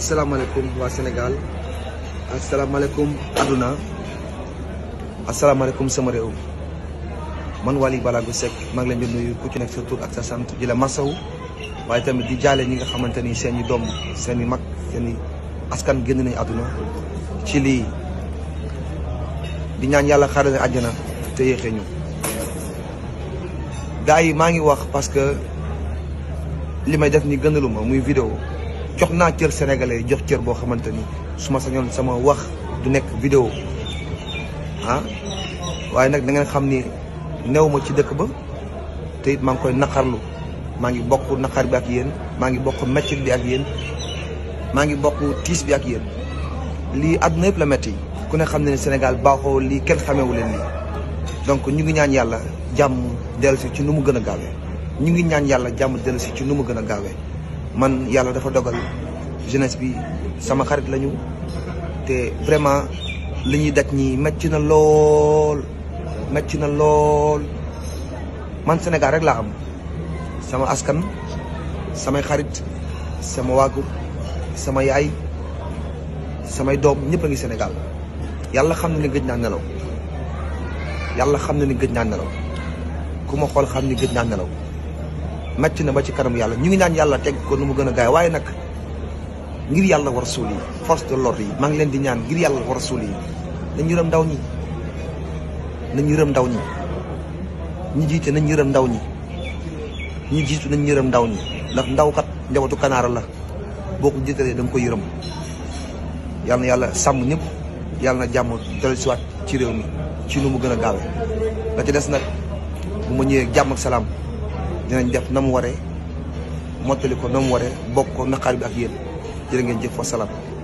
asalaamaaleykum waa Sénégal asalaamaaleykum àdduna asalaamaaleykum sama réew um. man Waly Balago Seck maa ngi leen di nuyu ku ci nekk sa tur ak sa sant di la masawu waaye tamit di jaale ñi nga xamante ni seen doom seeni mag seen askan génn nañu àdduna ci lii di ñaan yàlla xaaral àjjana te yéexee ñu gars yi maa ngi wax parce que li may def ni gënaluma muy vidéo jox naa cër sénégalais jox cër boo xamante ni su ma sañoon sama wax du nekk vidéo ah, waaye nag da xam ni new ma ci dëkk ba te maa ngi koy naqarlu maa ngi bokk naqar bi ak yéen maa ngi bokk metit bi ak yéen maa ngi bokk tiis bi ak yéen lii àdduna yëpp la metti ku ne xam ne senegal baaxoo lii kenn xamewu leen lii donc ñu ngi ñaan yàlla jàmm dellusi ci nu mu gën a gaawee ñu ngi ñaan yàlla jàmm dellusi ci nu mu gën a gaawee man yàlla dafa dogal jeunesse bi sama xarit lañu te vraiment li ñuy daj ñi metti na lool metti na lool man Sénégal rek laa am sama askan samay xarit sama wàggu sama yaay samay doom ñëpp a ngi Sénégal yàlla xam na ni gëj naa nelaw yàlla xam na ni gëj naa nelaw ku ma xool xam ni gëj naa nelaw màcc na ba ci kanam yàlla ñu ngi naan yàlla teg ko nu mu gën a gaay waaye nag ngir yàlla war suul yi force de l'ordre yi maa ngi leen di ñaan ngir yàlla war suul yi nañ yërëm ndaw ñi nañ yërëm ndaw ñi ñi jiite nañ yërëm ndaw ñi ñi jiitu nañ yërëm ndaw ñi ndax ndaw kat njabootu kanaara la boo ko jiitalee da ko yërëm yàlla na yàlla sàmm ñëpp yàlla na jàmm dellu siwaat ci réew mi ci nu mu gën a gaawee la ci des nag bu ma ñëwee jàmm salaam dinañ def na mu waree mottali ko na mu waree bokk na xaari bi ak yéen jërë ngeen jëf wa salaam